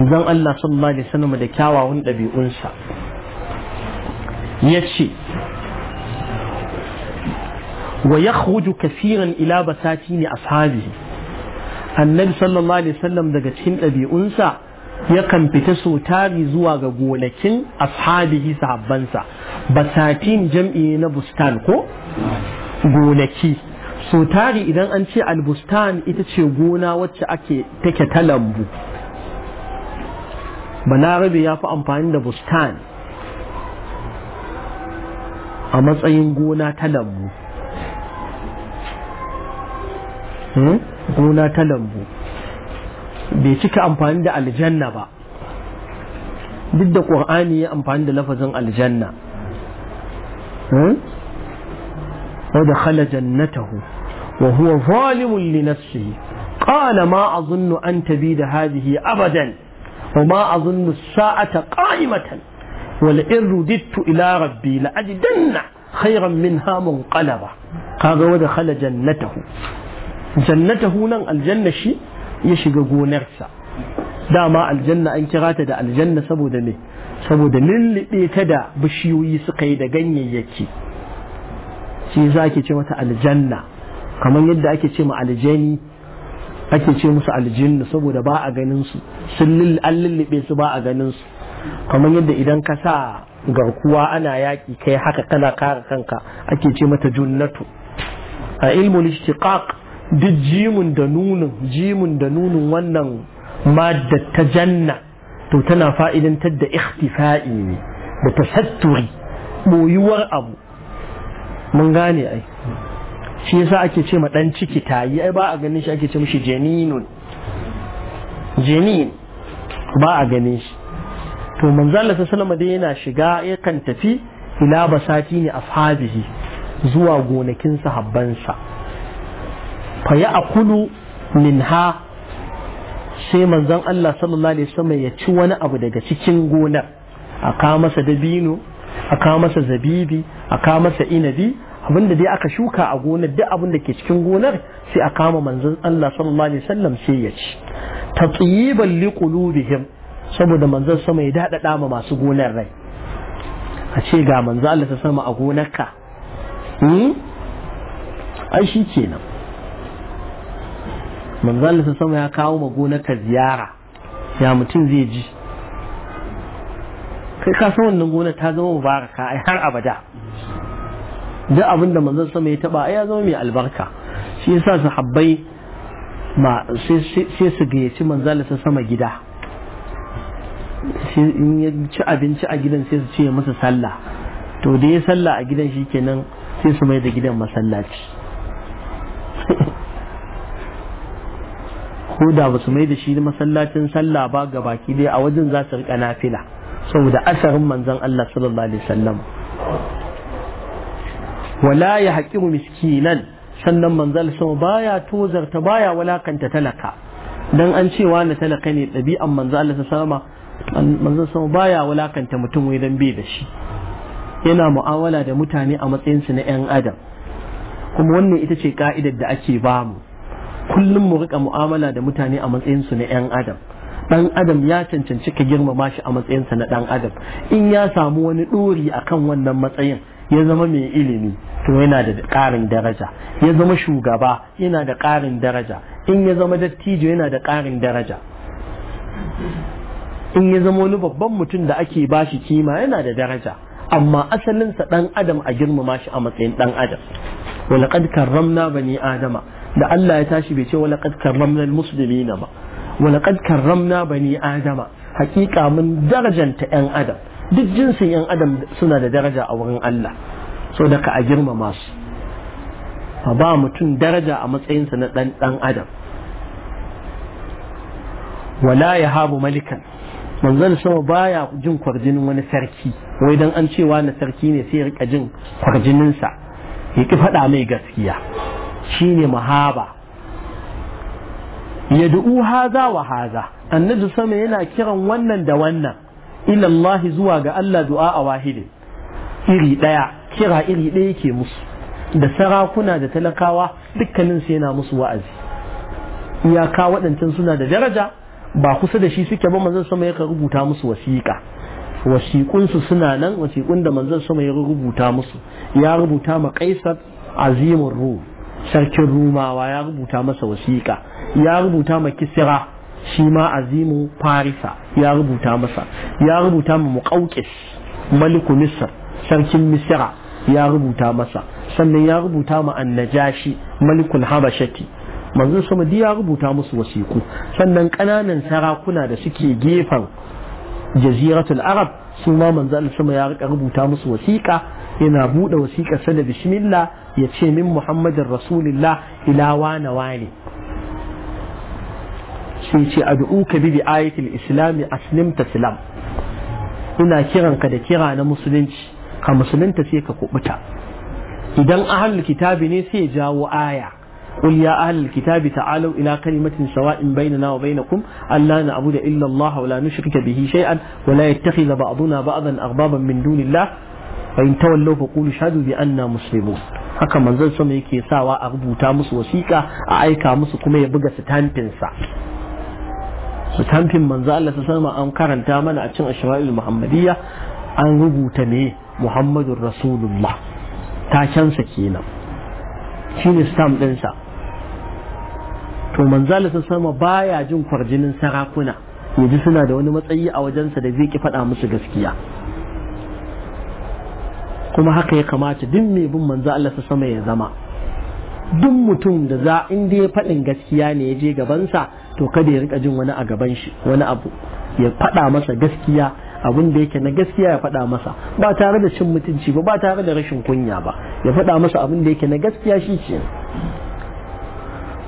zan Allah sallallahu alaihi wasallam da kyawawan ɗabi'unsa ya ce wa ya kafiran ila basati ne ashabi annabi sallallahu alaihi wasallam daga cikin ɗabi'unsa ya kan fita so tari zuwa ga gonakin ashabihi sahabbansa basatin jam'i na bustan ko gonaki so tari idan an ce albustan ita ce gona wacce ake take ta lambu balarabe ya fi amfani da bustan a matsayin gona ta lambu gona ta lambu bai cika amfani da aljanna ba duk da ƙur'ani ya amfani da lafazin aljanna wadda khala jannatahu wa huwa zalimun li nafsihi qala ma azunnu an tabida hadhihi abadan وما أظن الساعة قائمة ولئن رددت إلى ربي لأجدن خيرا منها منقلبا قال ودخل جنته جنته نن الجنة شي يشق نرسا داما الجنة أن كرات دا الجنة سبو دمي سبو دمي لتدا بشيوي سقي دا غني يكي شي زاكي تشمت الجنة كمان يدى أكي تشم الجني ake ce musu aljinnu saboda ba a ganin su sun lullube su ba a ganin su kamar yadda idan ka sa garkuwa ana yaƙi kai haka kana kare kanka ake ce mata junnatu a ilmul istiqaq duk jimun da nunin jimun da nunin wannan madda ta janna to tana fa'idantar da ikhtifa'i ne da tasatturi boyuwar abu mun gane ai shi yasa ake ce ma dan ciki tayi ai ba a ganin shi ake ce mishi janinun janin ba a ganin shi to manzala ta salama dai yana shiga kan tafi ila basati ne ashabihi zuwa gonakin sahabbansa fa ya akulu minha sai manzon Allah sallallahu alaihi wasallam ya ci wani abu daga cikin gonar a ka masa dabino a ka masa zabibi a ka masa inabi abin da dai aka shuka a gonar duk abin da ke cikin gonar sai a kama manzon Allah sallallahu alaihi wasallam sai ya ci tatyiban liqulubihim saboda manzon sama ya dadada ma masu gonar rai a ce ga manzon Allah ta sama a gonarka hmm? ai shi kenan manzon Allah ta sama ya kawo ma gonarka ziyara ya mutum zai ji kai ka san wannan gonar ta zama mubaraka ai har abada duk abin da manzon sama ya taba ya zama mai albarka shi yasa sahabbai ma sai su gayyaci manzon sa sama gida in ya ci abinci a gidan sai su ce masa sallah to da ya sallah a gidan shi kenan sai su mai da gidan masallaci ko da ba su mai da shi masallacin sallah ba ga baki dai a wajen za su rika nafila saboda asarin manzon Allah sallallahu alaihi wasallam wala ya haƙiru miskinan sannan manzal sama baya tozarta baya walakanta talaka dan an cewa na talaka ne ɗabi'an manzal Allah sama manzo sama baya walakanta mutum wai dan bai da shi yana mu'amala da mutane a matsayin na yan adam kuma wannan ita ce ka'idar da ake bamu kullum mu rika mu'amala da mutane a matsayinsu na yan adam dan adam ya cancanci ka girmama shi a matsayin na dan adam in ya samu wani dori akan wannan matsayin ya zama mai ilimi to yana da ƙarin daraja ya zama shugaba yana da ƙarin daraja in ya zama dattijo yana da ƙarin daraja in ya zama wani babban mutum da ake bashi kima yana da daraja amma asalinsa ɗan adam a girmama shi a matsayin ɗan adam walaƙad karramna bani adama da Allah ya tashi bai ce walaƙad karramna musulmi na ba walaƙad karramna bani adama hakika mun darajanta 'yan adam duk jinsin yan adam suna da daraja a wurin Allah so da ka a girmama su a ba mutum daraja a matsayinsa na dan dan adam wala ya habu malikan manzon sama baya jin kwarjinin wani sarki wai dan an cewa na sarki ne sai ya rika jin kwarjininsa ya ki faɗa mai gaskiya shi shine mahaba ya du'u haza wa haza annabi sama yana kiran wannan da wannan ilallahi zuwa ga Allah du'a a wahide iri ɗaya kira iri ɗaya yake musu da sarakuna da talakawa dukkanin su yana musu wa'azi iyaka waɗancan suna da daraja ba kusa da shi suke ba manzon sama ya rubuta musu wasiƙa wasiƙunsu suna nan wasiƙun da manzon sama ya rubuta musu ya rubuta ma Kaisar Azimur Rum sarkin Rumawa ya rubuta masa wasiƙa ya rubuta ma Kisira. shi ma azimu farisa ya rubuta masa ya rubuta mu muƙauƙis maliku misr sarkin misra ya rubuta masa sannan ya rubuta mu annajashi malikul habashati manzo sama ya rubuta musu wasiku sannan kananan sarakuna da suke gefen jaziratul arab su ma manzo sama ya rubuta musu wasiƙa yana buɗe wasiƙarsa da bismillah ya ce min muhammadin rasulillah ila na wane sun ce ad'uka bi bi ayatil islam aslim taslam ina kiranka da kira na musulunci ka musulunta sai ka kubuta idan ahlul kitabi ne sai jawo aya قل يا أهل الكتاب تعالوا إلى كلمة سواء بيننا وبينكم ألا نعبد إلا الله ولا نشرك به شيئا ولا يتخذ بعضنا بعضا أربابا من دون الله فإن تولوا فقولوا اشهدوا بأننا مسلمون haka manzon sama yake sawa a rubuta musu wasiƙa a aika musu kuma ya buga su tantinsa su tamfin manzo Allah sama an karanta mana a cikin ashra'il muhammadiyya an rubuta ne muhammadur rasulullah takensa kenan shine stamp din sa, to manzo Allah sama baya jin kwarjinin sarakuna yaji suna da wani matsayi a wajensa da zai ki faɗa musu gaskiya kuma haka ya kamata duk mai bin manzo Allah sama ya zama duk mutum da za in dai faɗin gaskiya ne ya je gabansa to kada ya rika jin wani a gaban shi wani abu ya faɗa masa gaskiya abin da yake na gaskiya ya faɗa masa ba tare da cin mutunci ba ba tare da rashin kunya ba ya faɗa masa abin da yake na gaskiya shi ce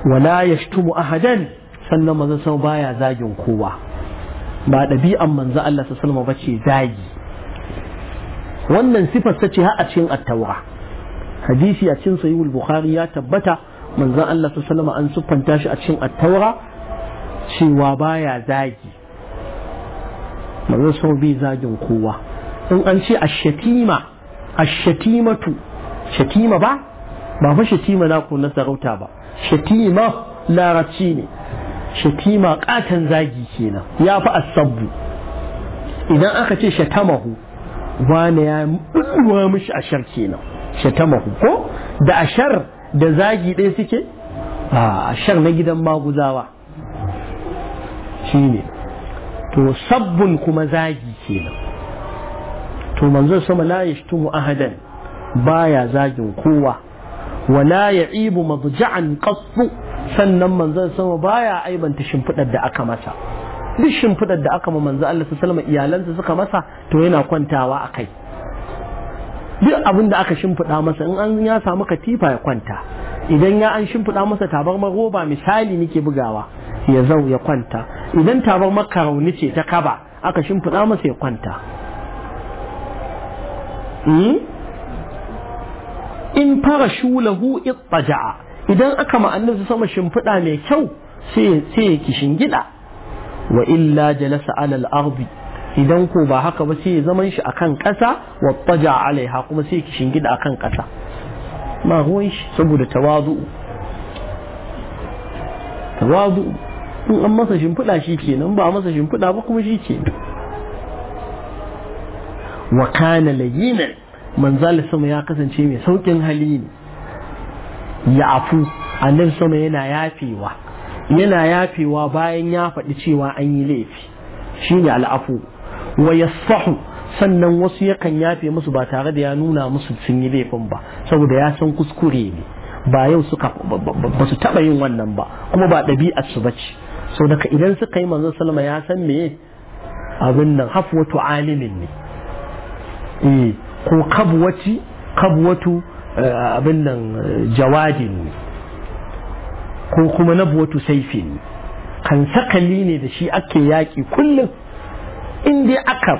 wala yashtumu ahadan sannan manzo sau baya zagin kowa ba ɗabi'an manzo Allah sallallahu alaihi wasallam ce zagi wannan sifar ta ce har a cikin attaura. hadisi a cikin sahihul bukhari ya tabbata manzon Allah sallallahu alaihi an siffanta shi a cikin at-taura cewa baya zagi manzon sun bi zagin kowa in an ce ash-shatima ash-shatimatu shatima ba ba fa shatima na ku na sarauta ba shatima larabci ne shatima katan zagi kenan ya fi asabbu idan aka ce shatamahu wane ya mishi a ashar kenan shatamahu ko da ashar da zagi ɗaya suke a ashar na gidan maguzawa shine to sabbun kuma zagi kenan to manzo sama la yashtumu ahadan baya zagin kowa wala ya'ibu madja'an qassu sannan manzo sama baya aibanta shimfidar da aka masa duk shimfidar da aka ma manzo Allah sallallahu alaihi wasallam iyalansa suka masa to yana kwantawa a kai. duk abin da aka shimfiɗa masa in an ya samu katifa ya kwanta idan ya an shimfiɗa masa tabarmar roba misali nake bugawa ya zau ya kwanta idan tabarmar makarauni ce ta kaba aka shimfiɗa masa ya kwanta hmm? in fara shulahu ittaja'a idan aka su sama shimfiɗa mai kyau sai ya kishin gida wa illa jalasa alal arbi. idan ko ba haka ba sai zaman shi akan ƙasa wattaja alaiha kuma sai ki shingida akan ƙasa ma ruwan shi saboda tawazu tawazu in an masa shimfiɗa shi kenan ba masa shimfiɗa ba kuma shi ke wa kana layyinan manzal sama ya kasance mai saukin hali ne ya afu nan sama yana yafewa yana yafewa bayan ya faɗi cewa an yi laifi shi ne al'afu wa sannan wasu yakan yafe musu ba tare da ya nuna musu sun yi laifin ba saboda ya san kuskure ne ba yau suka ba su taba yin wannan ba kuma ba ɗabi'ar su bace so daga idan suka yi manzo sallama ya san me. abin nan hafwatu alimin ne eh ko kabwati kabwatu eh, abin nan jawadin ne ko kuma nabwatu saifin kan sakali ne da shi ake yaƙi kullum in dai aka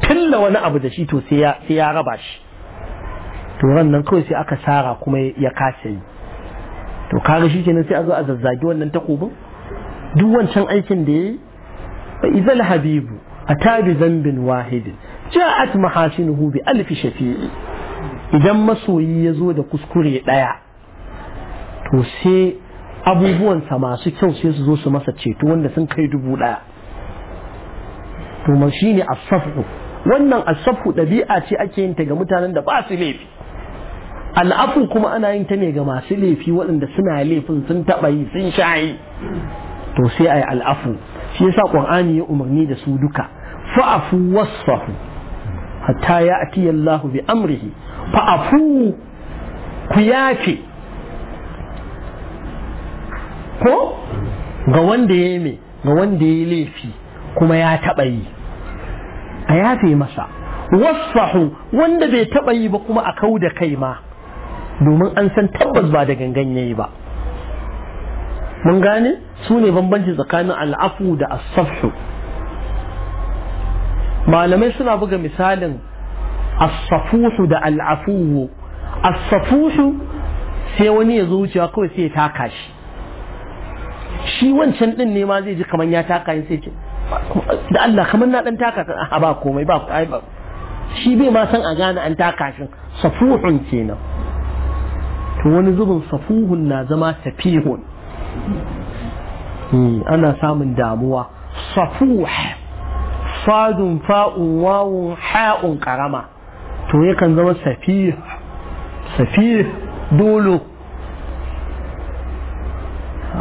tilla wani abu da shi to sai ya raba shi to nan kawai sai aka sara kuma ya kasa yi to kaga shi kenan sai a zo a zazzage wannan takobin duk wancan aikin da yayi fa izal habibu a tabi zambin wahidin ja'at mahasinuhu bi alfi shafi'i idan masoyi ya zo da kuskure daya to sai abubuwansa masu kyau sai su zo su masa ceto wanda sun kai dubu daya to shi ne Asafu. wannan Asafu ɗabi'a ce ake yin ta ga mutanen da ba su laifi al'afu kuma ana yin ta ne ga masu laifi waɗanda suna laifin sun taɓa yi sun shayi to sai ayi al'afu shi yasa qur'ani ya umarni da su duka fa'afu wasfahu hatta ya ati Allah bi amrihi fa'afu ku yafe ko wanda ya ga wanda ya yi laifi kuma ya taɓa yi a yafe masa wasfahu wanda bai taɓa yi ba kuma a kau da kai ma domin an san tabbas ba da gangan yayi ba mun gane su ne bambanci tsakanin al'afu da asafu malamai suna buga misalin asafuhu da al'afuwu asafuhu sai wani ya zo wucewa kawai sai ya taka shi shi wancan din ne ma zai ji kamar ya taka yin sai ce da Allah kamar na dan taka a ba komai ba ai ba shi bai ma san a gane an taka shi safuhun kenan to wani zubin safuhun na zama safihun hmm, ana samun damuwa safuh fadun fa'un wawun ha'un karama to yakan zama safih safih dolo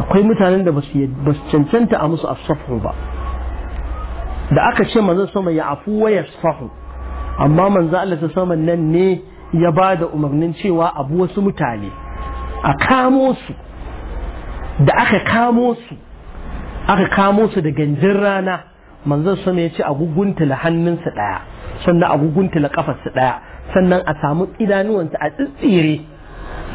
akwai mutanen da ba su cancanta a musu asafu ba da aka ce manzo sama ya afu wa yasfahu amma manzo Allah ta sama nan ne ya ba da umarnin cewa abu wasu mutane a kamo su da aka kamo su aka kamo su da ganjin rana manzo sama ya ce a guguntula hannunsa daya sannan a guguntula kafarsa daya sannan a samu idanuwansa a tsitsire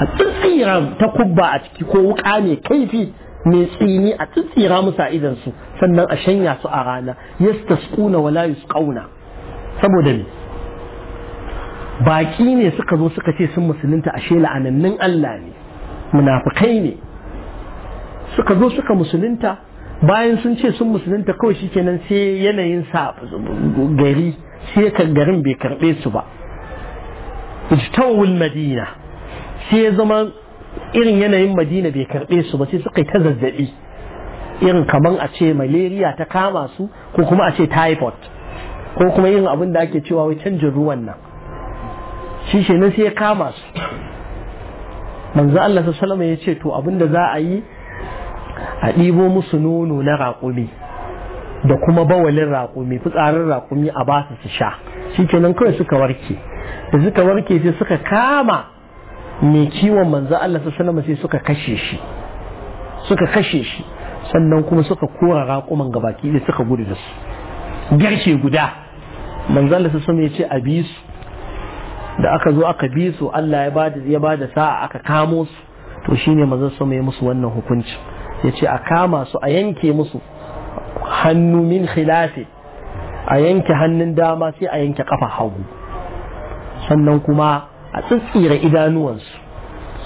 a tsitsira ta kubba a ciki ko wuka mai kaifi mai tsini a tsitsira musa a su sannan a shanya su a rana yastasquna wala ƙauna saboda me baki ne suka zo suka ce sun musulunta ashe la'anannin Allah ne munafikai ne suka zo suka musulunta bayan sun ce sun musulunta kawai shikenan sai yanayin sa gari sai ka garin bai karbe su ba ijtawul madina sai zama irin yanayin madina bai karɓe su ba sai suka yi ta zazzabi irin kamar a ce malaria ta kama su ko kuma a ce typhoid ko kuma irin abin da ake cewa wai canjin ruwan nan shi shi sai ya kama su manzo Allah sallallahu ya ce to abin da za a yi a ɗibo musu nono na raƙumi da kuma bawalin raƙumi fitsarin raƙumi a ba su su sha shi kenan kawai suka warke da suka warke sai suka kama mai kiwon manzo Allah su sanar sai suka kashe shi suka kashe shi sannan kuma suka kora raƙuman baki da suka gudu da su garke guda manzo Allah sanar ya ce a bi su da aka zo aka bi su Allah ya bada ya bada sa'a aka kamo su to shine manzo su mai musu wannan hukunci ya ce a kama su a yanke musu hannu min khilafi a yanke hannun dama sai a yanke kafa hagu sannan kuma a tsitsira idanuwansu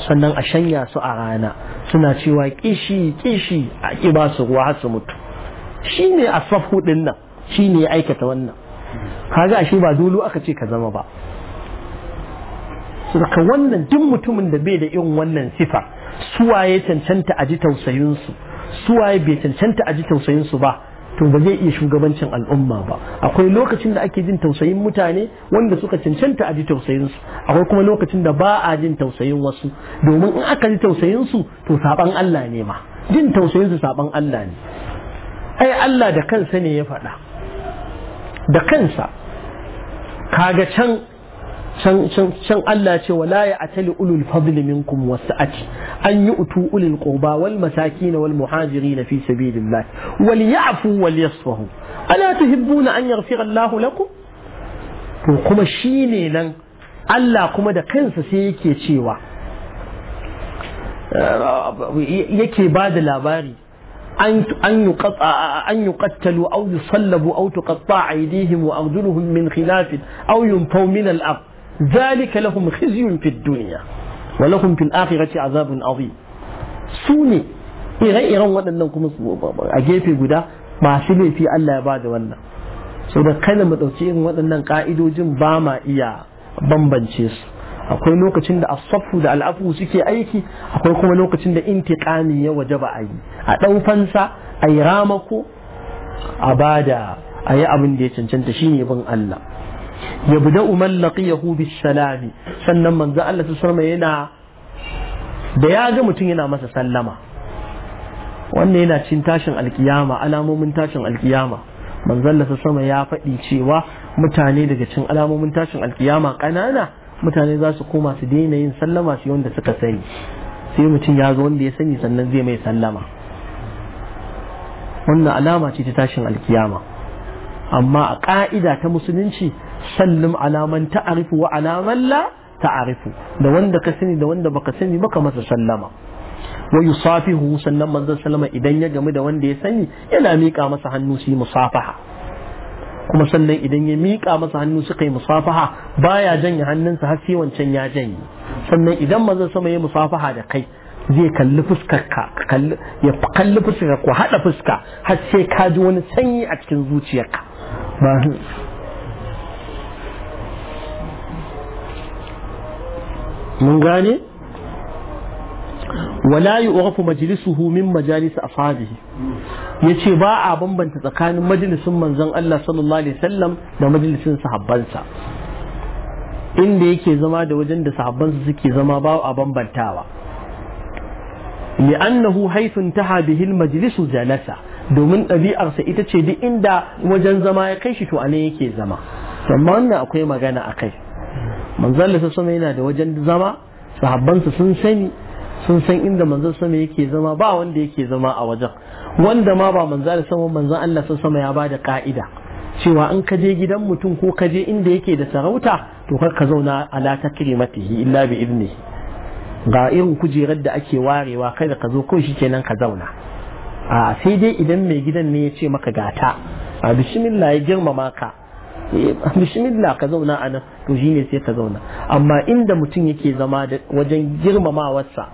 sannan a shanya su a rana suna cewa kishi kishi a su ruwa har su mutu shi ne a safu ɗin nan shi ne ya aikata wannan kaga ashe ba dulu aka ce ka zama ba daga wannan duk mutumin da bai da irin wannan sifa suwaye cancanta a ji tausayinsu suwaye bai cancanta a ji tausayinsu ba to ba zai iya shugabancin al'umma ba akwai lokacin da ake jin tausayin mutane wanda suka cancanta a ji tausayin su akwai kuma lokacin da ba a jin tausayin wasu domin in aka ji tausayin su to saban Allah ne ma jin tausayin su saban Allah ne ai Allah da kansa ne ya faɗa da kansa kaga can can Allah ce wala ya atali ulul fadli minkum wasa'ati an yu'tu utu ulul qurba wal masakin wal muhajirin fi sabilillah wal ya'fu wal yasfahu ala tuhibbuna an yaghfira Allah lakum to kuma shine nan Allah kuma da kansa sai yake cewa yake ba da labari an an an يقطع aw yusallabu aw يصلبوا aydihim wa arjuluhum min khilafin aw yunfaw min al الأرض zalika lahum khizyun fid dunya wa lahum fil akhirati azabun azim su waɗannan kuma a gefe guda masu laifi Allah ya ba da wannan Soda da kada mu ɗauki irin waɗannan ƙa'idojin bama iya bambance su akwai lokacin da asafu da al'afu suke aiki akwai kuma lokacin da intiƙami ya waje ba a yi a ɗau fansa a yi ramako a bada a yi abin da ya cancanta shine bin Allah yabda'u man ya bis salami sannan manzo Allah sallallahu yana da ya ga mutum yana masa sallama wannan yana cin tashin alkiyama alamomin tashin alkiyama manzo Allah sama ya faɗi cewa mutane daga cin alamomin tashin alkiyama ƙanana mutane za su koma su daina yin sallama su wanda suka sani sai mutum ya zo wanda ya sani sannan zai mai sallama wannan alama ce ta tashin alkiyama amma a ƙa'ida ta musulunci sallim alaman ta'arifu wa alaman la ta'arifu da wanda ka sani da wanda baka sani baka masa sallama wa yusafihu sannan manzon sallama idan ya gamu da wanda ya sani yana miƙa masa hannu musafaha kuma sannan idan ya miƙa masa hannu suka yi musafaha baya janye hannunsa har sai wancan ya janye sannan idan manzon sama ya musafaha da kai zai kalli fuskarka ya kalli fuskar ku haɗa fuska har sai ka ji wani sanyi a cikin zuciyarka mun gane wala yu'rafu majlisuhu min majalis afadihi yace ba a bambanta tsakanin majalisin manzon Allah sallallahu alaihi wasallam da majalisin sahabbansa inda yake zama da wajen da sahabbansa suke zama ba a bambantawa li'annahu haythu intaha bihi al-majlisu jalasa domin ɗabi'arsa ita ce duk inda wajen zama ya kai shi to anan yake zama amma wannan akwai magana akai manzon da sassama yana da wajen zama sahabbansa sun sani sun san inda manzon sama yake zama ba wanda yake zama a wajen wanda ma ba manzon Allah sama manzon Allah sama ya bada ka'ida cewa an ka je gidan mutum ko kaje je inda yake da sarauta to kar ka zauna ala takrimatihi illa bi idni ga irin kujerar da ake warewa kai da ka zo kawai shikenan ka zauna a sai dai idan mai gidan ne ya ce maka gata a bismillah ya girmama ka Eh, bismillah ka zauna a nan to shine sai ka zauna amma inda mutum yake zama wajen girmamawarsa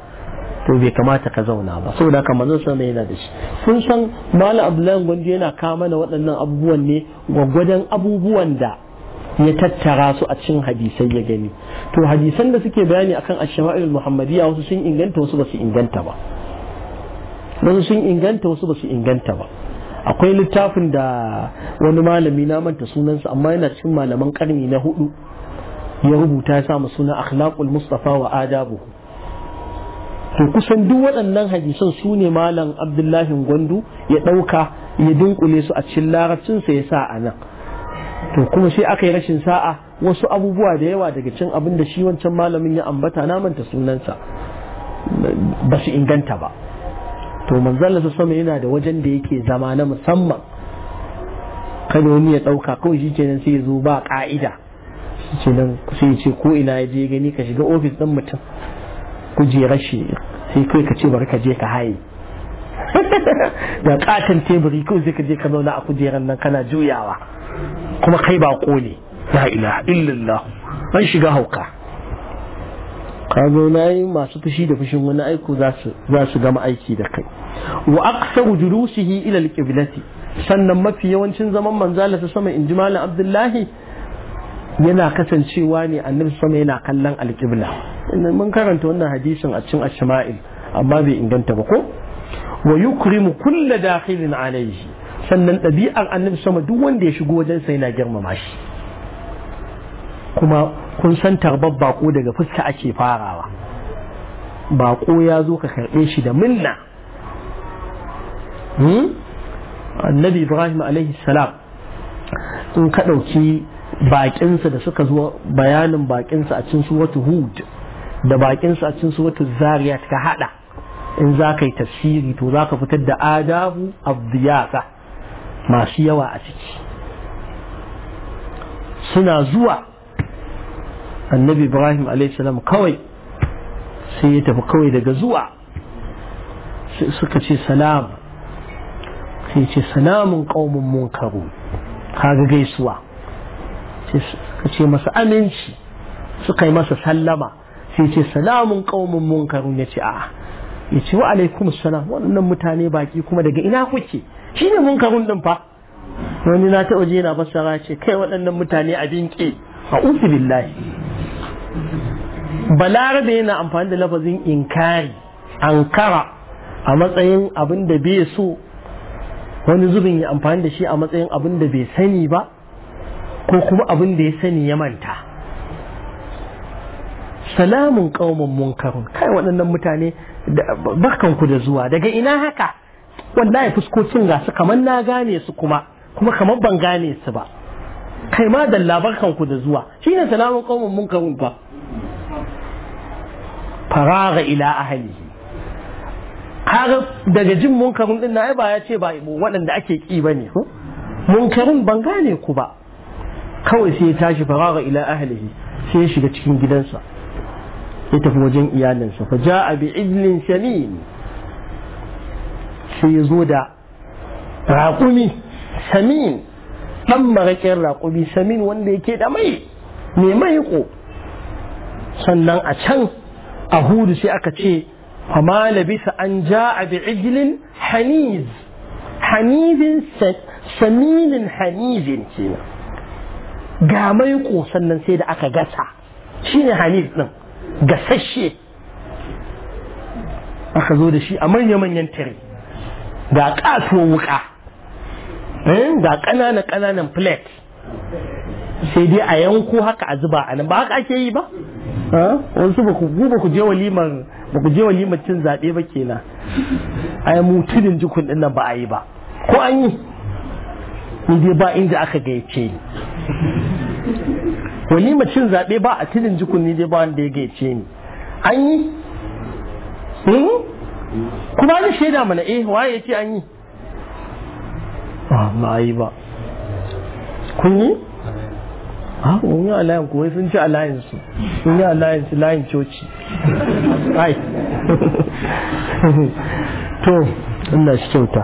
to bai kamata ka zauna ba saboda haka manzon sa yana da shi kun san malam abdullahi gondi yana kawo mana waɗannan abubuwan ne gwaggwadan abubuwan da ya tattara su a cikin hadisai ya gani to hadisan da suke bayani akan ash-shama'il muhammadiyya wasu sun inganta wasu ba su inganta ba wasu sun inganta wasu ba su inganta ba akwai littafin da wani malami na manta sunansa amma yana cikin malaman karni na hudu ya rubuta ya samu suna akhlaqul mustafa wa adabu to kusan duk waɗannan hadisan su ne malam abdullahi gwandu ya ɗauka ya dinkule su a cikin larabcinsa ya sa a nan to kuma sai aka yi rashin sa'a wasu abubuwa da yawa daga cin abin da shi wancan malamin ya ambata na manta sunansa ba su inganta ba to manzalla su sama yana da wajen da yake zama na musamman kada wani ya ɗauka kawai shi nan sai ya zo ba ƙa'ida shi nan sai ce ko ina ya je gani ka shiga ofis ɗin mutum kujerar shi sai kai ka ce bari ka je ka haye da ƙaton teburi kawai sai ka je ka zauna a kujerar nan kana juyawa kuma kai ba ne la ila illallah an shiga hauka ka zauna yi masu fushi da fushin wani aiko za su gama aiki da kai wa aksaru julusihi ila alqiblati sannan mafi yawancin zaman manzala ta sama inji malam abdullahi yana kasancewa ne annabi sama yana kallon alqibla mun karanta wannan hadisin a cikin ashma'il amma bai inganta ba ko wa yukrimu kulla dakhilin alayhi sannan ɗabi'ar annabi sama duk wanda ya shigo wajen sa yana girmama shi kuma kun san tarbar bako daga fuska ake farawa bako ya zo ka karɓe shi da minna Hmm? annabi ibrahim alaihi salam in ka ɗauki baƙinsa da suka zo bayanin baƙinsa a cin suwatu hud da baƙinsa a cin suwatu zariyat ka haɗa in za ka yi tafsiri to za ka fitar da adahu abdiyasa masu yawa a ciki suna zuwa annabi ibrahim salam kawai sai ya tafi kawai daga zuwa suka ce salam sai ce salamun ƙaumin munkaru kaga gaisuwa ka ce masa aminci suka yi masa sallama sai ce salamun ya ce yace a'a ce wa alaikum salam waɗannan mutane baki kuma daga ina kuke shi ne munkarun ɗin fa wani na ta waje na basara ce kai waɗannan mutane abin ke a uku billahi balarabe yana amfani da lafazin inkari ankara a matsayin abin da bai so wani zubin ya amfani da shi a matsayin abin da bai sani ba ko kuma abin da ya sani ya manta salamun ƙaumin munkarun kai waɗannan mutane barkanku da zuwa daga ina haka wanda ya fuskocin gasu gasu? kamar na gane su kuma kuma kamar ban gane su ba kai ma da barkanku da zuwa Shi shine salamun ƙaumin munkarun ba faraga ila ahalihi har daga jin munkarin din na ya ba ya ce ba ibo waɗanda ake ki bane ko munkarin ban gane ku ba kawai sai ya tashi faraga ila ahlihi sai ya shiga cikin gidansa ya tafi wajen iyalinsa fa ja'a bi idlin shamin sai ya zo da raƙumi samin dan maraƙin raƙumi samin wanda yake da mai mai maiƙo? sannan a can a hudu sai aka ce fama sa an ja a bi'ijilin haniz hanizin saminin hanizin ce ga mai kosan nan sai da aka gasa shine haniz din gasashe aka zo da shi a manya-manyan tare ga kasuwa wuka ga kanana-kananan plate sai dai a yanko haka a zuba a nan ba haka ake yi ba wasu ba ku je waliman ba ku je walimar cin zaɓe ba kenan a yi mutunin jikun ɗin nan ba a yi ba ko an yi in dai ba inda aka gayyace ni walimar cin zaɓe ba a tunin jikun ni dai ba wanda ya gayyace ni an yi hmm? kuma ni shaida mana eh waye ya ce an yi ba a yi ba kun yi ha ah, kun yi alliance kuwa sun ci su. sun yi alliance layin coci ai to Allah shi kyauta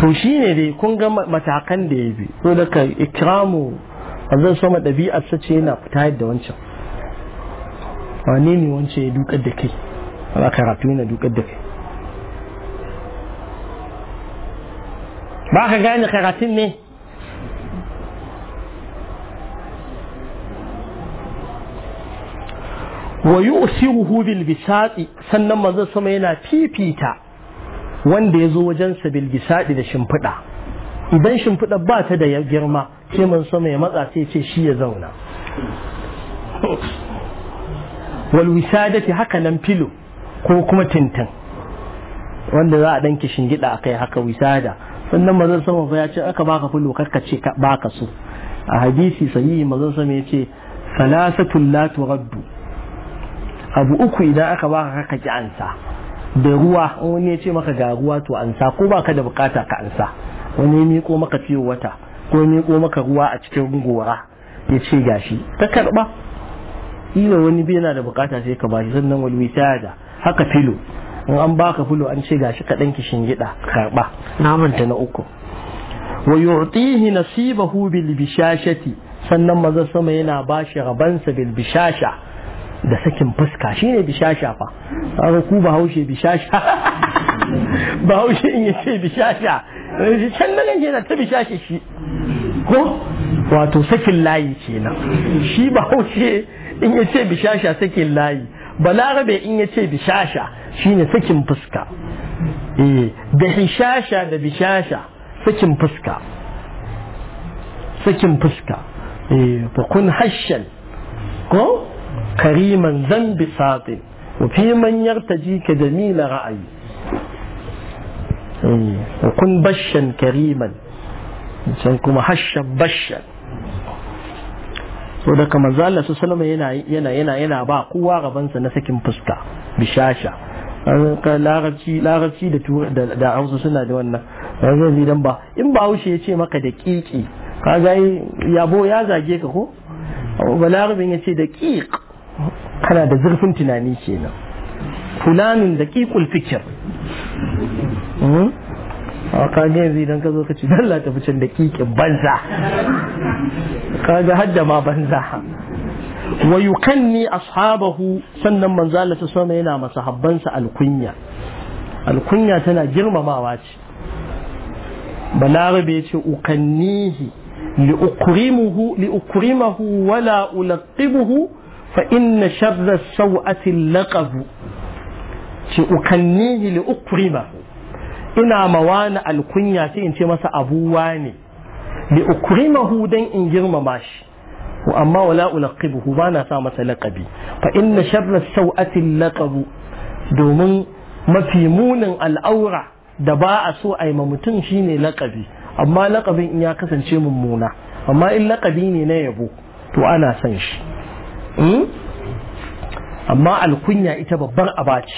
to shine dai kun ga matakan da ya bi to ka ikramu azan so ma dabi'ar sa ce yana fita da wancan Wani ne wancan ya dukar da kai ba karatu yana dukar da kai ba ka gane karatun ne wa usiru bil bisati sannan mazan sama yana fifita wanda zo wajen sa bil da shimfiɗa idan shimfiɗa ba ta da girma sai sama ya matsa sai ce shi ya zauna wal wisadati haka nan filo ko kuma tintin wanda za a dan kishin gida kai haka wisada sannan mazan sama ya ce aka baka filo karka ce baka so a hadisi sahihi mazan sama ya ce salasatul la turaddu abu uku idan aka baka ka ki ansa da ruwa wani ya ce maka ga ruwa to ansa ko ba ka da bukata ka ansa wani ya miko maka ciwo wata ko ya miko maka ruwa a cikin gora ya ce gashi ta karɓa. ila wani bai yana da bukata sai ka bashi sannan wani yada haka filo in an baka filo an ce gashi ka ki kishin gida karba namanta na uku wa yu'tihi nasibahu bil bishashati sannan mazan sama yana ba shi rabansa bil bishasha da sakin fuska shine bishasha fa kaga ku bahaushe bishasha haushe in yace bishasha can nan yana ta bishashe shi ko wato sakin layi kenan shi ba haushe in yace bishasha sakin layi balarabe in yace bishasha shine sakin fuska eh da hishasha da bishasha sakin fuska sakin fuska eh fa kun hashan ko كريما ذا بساط وفي من يرتجيك جميل رأي وكن بشا كريما سنكم هشا بشا so daga manzo Allah su salama yana yana yana ba kowa gabansa na sakin fuska bishasha larabci larabci da da hausa suna da wannan yi idan ba in ba haushe ya ce maka da kiki ga yabo ya zage ka ko balarabin ya ce da kiki kana da zurfin tunani kenan fulanin daqiqul fikir hmm? ka ga yanzu idan ka zo ka ci dalla ta fi da daƙiƙin banza ka ga hadda ma banza wa yukanni ashabahu sannan manzo Allah sama yana masahabbansa alkunya alkunya tana girmamawa ce balarabe ya ce ukannihi liukrimuhu liukrimahu wala ulaqibuhu fa inna sharra sau'ati ci ukanni li ukrima ina mawana alkunya sai in ce masa abuwa ne li hu dan in girmama shi amma wala ulaqibuhu ba na sa masa laqabi fa inna sharra sawati laqab domin mafi munin al'aura da ba a so a ma mutum shine laqabi amma laqabin in ya kasance mummuna amma in laqabi ne na yabo to ana son shi Hmm? amma alkunya ita babbar abaci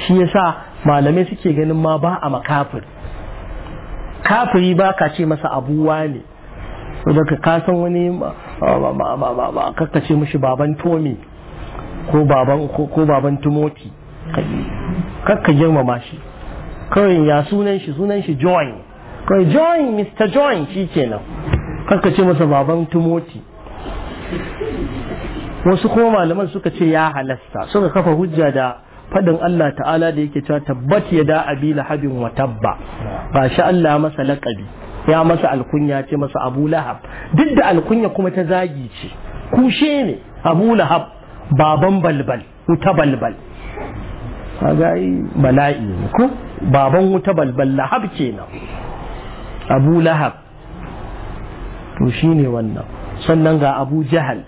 shi shi sa malamai suke ganin ma ba a makafir kafiri ba ka ce masa abuwa ne saboda ka san wani ka ce mishi baban tomi ko baban timoti kakka girmama shi kawai ya sunan shi sunan shi join kawai join mr join shi kenan kakka ce masa baban timoti wasu kuma malaman suka ce ya halasta suka kafa hujja da fadin Allah ta'ala da yake cewa tabbat ya da abi lahabin wa tabba ba shi Allah masa laƙabi ya masa alkunya ce masa abu lahab duk da alkunya kuma ta zagi ce kushe ne abu lahab baban balbal wuta balbal kaga bala'i ne ko baban wuta balbal lahab kenan abu lahab to shine wannan sannan ga abu jahal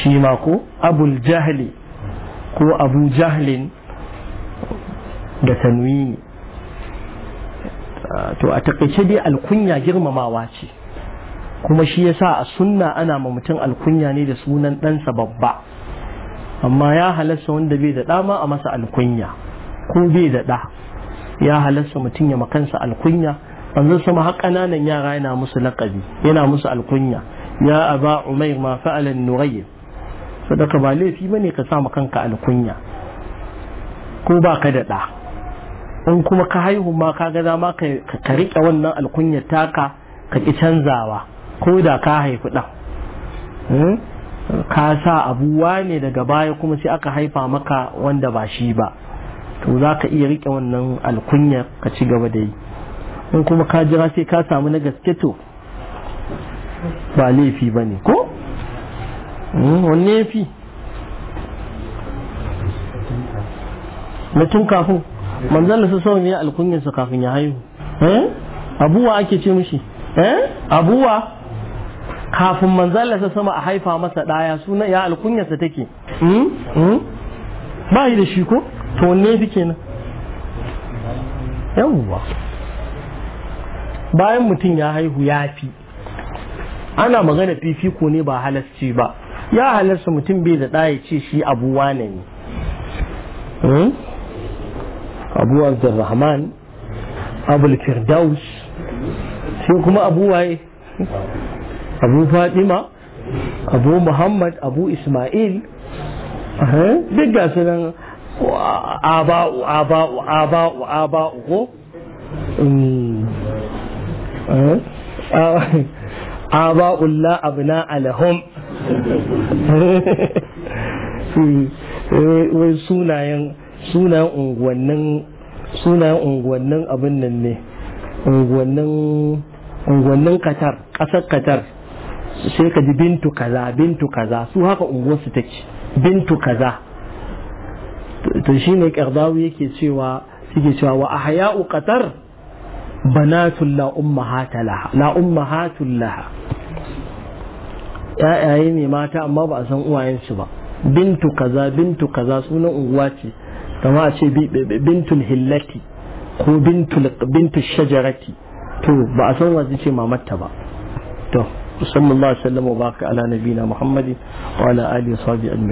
shi ma ko abu jahali ko abu jahalin da ne ah, to a taƙaice dai alkunya girmamawa ce kuma shi ya sa a sunna ana ma mutum alkunya ne da sunan ɗansa babba amma ya halasta wanda bai da ɗa a masa alkunya ko bai da ɗa ya halasta mutum ya makansa alkunya manzon sama har ƙananan yara yana musu laƙabi yana musu alkunya ya aba umair ma fa'ala nurayy sadaka ba laifi bane ka sa kanka alkunya ko ba ka da ɗa in kuma ka haihu ma ka ga dama ka riƙe wannan alkunya taka ka ƙi canzawa ko da ka haifi ɗan hmm? ka sa abuwa ne daga baya kuma sai aka haifa maka wanda ba shi ba to za ka iya riƙe wannan alkunya ka ci gaba da yi in kuma ka jira sai ka samu na gaske to ba laifi ba ne ko hmm, wani laifi na tun kafin manzan da su sau ne alkunyarsa kafin ya haihu eh? abuwa ake ce eh abuwa kafin manzan da su sama a haifa masa daya suna ya alkunyarsa take hmm? Hmm? ba yi da shi ko to ne fi kenan yawwa bayan mutum ya haihu ya fi ana magana fifiko ne ba halasci ba ya halarsa mutum bai da ɗaya ce shi abu wane ne hmm? abu abdurrahman abul firdaus sai kuma abu waye abu fatima abu muhammad abu ismail duk ga su nan aba'u aba'u aba'u aba'u ko hmm. Eh? aba'ulla ah. ah, abna alahum eh, sunayen sunayen unguwannin sunayen unguwannin abin nan ne unguwannin unguwannin katar ƙasar katar sai ka ji bintu kaza bintu kaza su haka unguwarsu take bintu kaza to shine ƙardawi yake cewa suke cewa wa ahya'u qatar banatun la ummahata laha la ummahatun laha yayaye ne mata amma ba a san uwayensu ba bintu kaza bintu kaza sunan unguwa ce kama a ce bintul hillati ko bintul shajarati to ba a san wasu ce mamatta ba to sallallahu alaihi wasallam wa baraka ala nabiyina muhammadin wa ala alihi wa sahbihi